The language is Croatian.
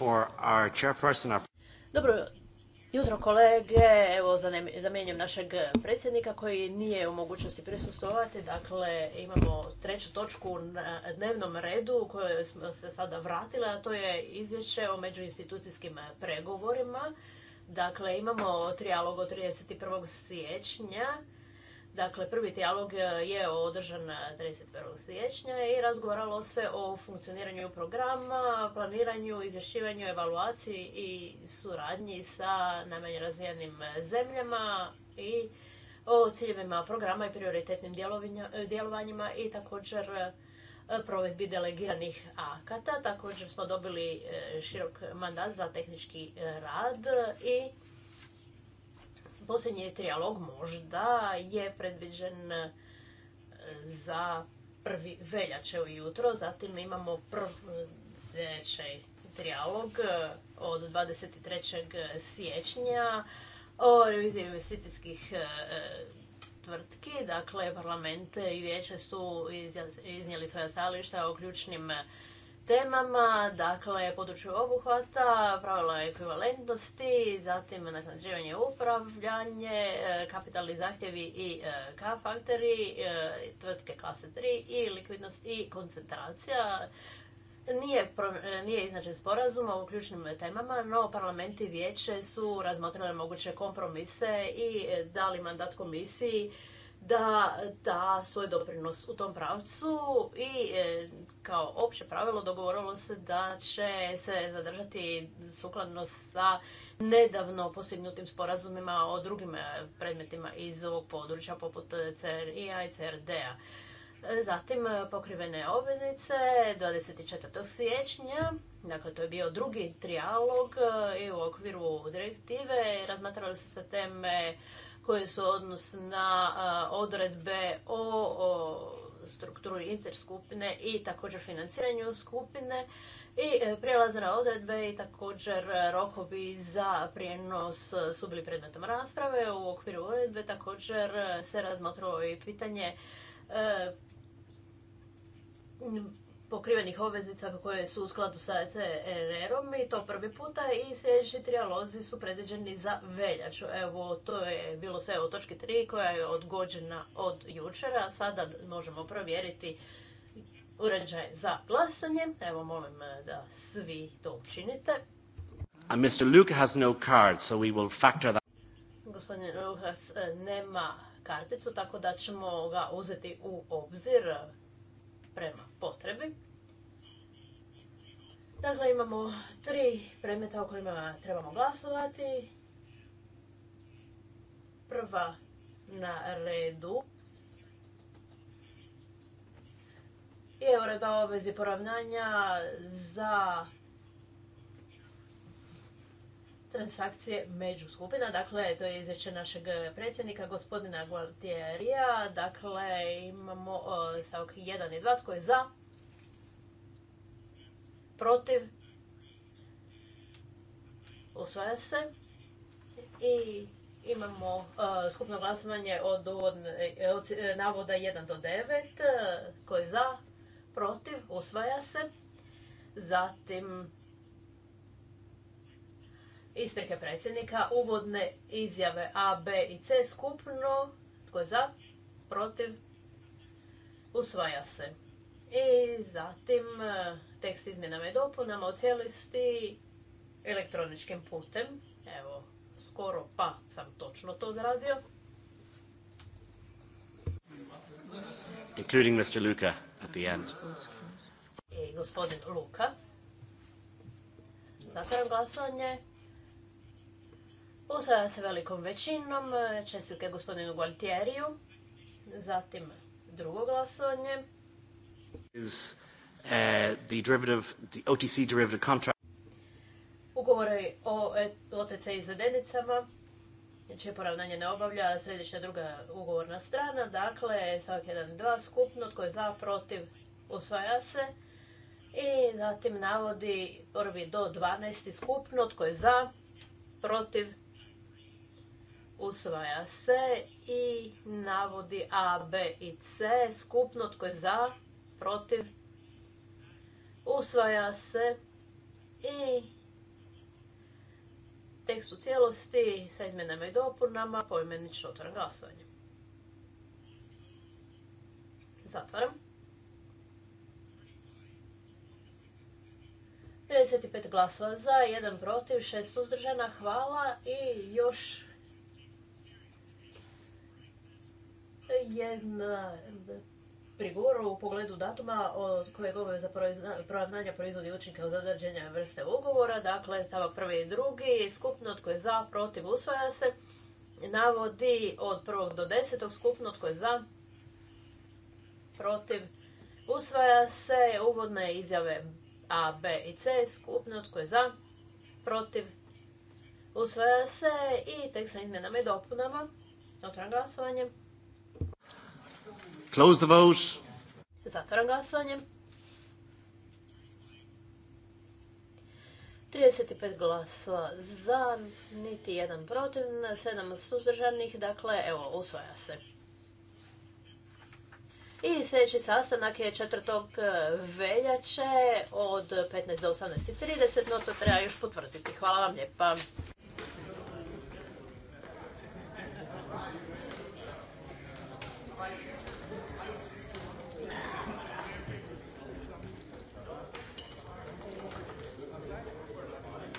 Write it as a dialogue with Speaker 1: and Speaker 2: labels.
Speaker 1: for Dobro jutro kolege, evo zamjenjujem našeg predsjednika koji nije u mogućnosti prisustovati. Dakle, imamo treću točku na dnevnom redu u kojoj smo se sada vratili, a to je izvješće o međuinstitucijskim pregovorima. Dakle, imamo trijalog od 31. siječnja Dakle, prvi dijalog e, je održan 31. E, siječnja i razgovaralo se o funkcioniranju programa, planiranju, izvješćivanju, evaluaciji i suradnji sa najmanje razvijenim e, zemljama i o ciljevima programa i prioritetnim djelovanjima i također provedbi delegiranih akata. Također smo dobili širok mandat za tehnički rad i posljednji trijalog možda je predviđen e, za prvi veljače ujutro, zatim imamo e, sljedeći trijalog e, od 23. siječnja o reviziji investicijskih tvrtki. Dakle, parlamente i vijeće su iznijeli svoja stajališta o ključnim temama, dakle području obuhvata, pravila ekvivalentnosti, zatim nasnađivanje upravljanje, e, kapitalni zahtjevi i e, K faktori, e, tvrtke klase 3 i likvidnost i koncentracija. Nije, nije iznačen sporazum o ključnim temama, no parlament i vijeće su razmotrile moguće kompromise i dali mandat komisiji da da svoj doprinos u tom pravcu i e, kao opće pravilo dogovorilo se da će se zadržati sukladno sa nedavno postignutim sporazumima o drugim e, predmetima iz ovog područja poput CRI-a i CRD-a. E, zatim pokrivene obveznice 24. siječnja, dakle to je bio drugi trijalog i u okviru direktive razmatrali su se teme koje su odnos na odredbe o strukturi interskupine i također financiranju skupine i e, prijelazne odredbe i također rokovi za prijenos su bili predmetom rasprave. U okviru odredbe također e, se razmotrilo i pitanje e, pokrivenih obveznica koje su u skladu sa CRR-om i to prvi puta i sljedeći trijalozi su predviđeni za veljaču. Evo, to je bilo sve u točki 3 koja je odgođena od jučera. Sada možemo provjeriti uređaj za glasanje. Evo, molim da svi to učinite. Mr. has no card, so we will factor that. Gospodin eh, nema karticu, tako da ćemo ga uzeti u obzir prema potrebi. Dakle, imamo tri predmeta o kojima trebamo glasovati. Prva na redu je uredba obvezi poravnanja za transakcije među skupina. Dakle, to je izvješće našeg predsjednika, gospodina Gualtierija. Dakle, imamo stavak 1 i 2. Tko je za? Protiv? Usvaja se. I imamo skupno glasovanje od, od navoda 1 do 9. Tko je za? Protiv? Usvaja se. Zatim isprike predsjednika, uvodne izjave A, B i C skupno, tko je za, protiv, usvaja se. I zatim e, tekst izmjenama i dopunama u cijelosti elektroničkim putem. Evo, skoro pa sam točno to odradio. Including Mr. Luka at the end. I gospodin Luka. Zatvaram glasovanje. Usvaja se velikom većinom. Čestitke gospodinu Gualtieriju. Zatim drugo glasovanje. Is, OTC eh, derivative Ugovori o e, OTC izvedenicama čije poravnanje ne obavlja središnja druga ugovorna strana. Dakle, svaki jedan dva skupno, tko je za, protiv, usvaja se. I zatim navodi prvi do 12 skupno, tko je za, protiv, usvaja se i navodi A, B i C, skupno tko je za, protiv, usvaja se i tekst u cijelosti sa izmjenama i dopunama poimenično otvoram glasovanje. Zatvaram. 35 glasova za, 1 protiv, 6 suzdržana, hvala i još Jedna prigora u pogledu datuma koje govore za proravnanja proizvodi učinke od određene vrste ugovora, dakle stavak prvi i drugi, skupno tko je za, protiv, usvaja se, navodi od prvog do desetog, skupno tko je za, protiv, usvaja se, uvodne izjave A, B i C, skupno tko je za, protiv, usvaja se i tek sa izmjenama i dopunama, otvoram glasovanje. Close the vote. Zatvaram glasovanje. 35 glasova za, niti jedan protiv, 7 suzdržanih, dakle, evo, usvaja se. I sljedeći sastanak je 4. E, veljače od 15 do 18.30, no to treba još potvrditi. Hvala vam lijepa.